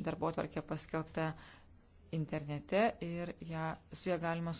darbo tvarkė paskelbta internete ir ją, su ją galima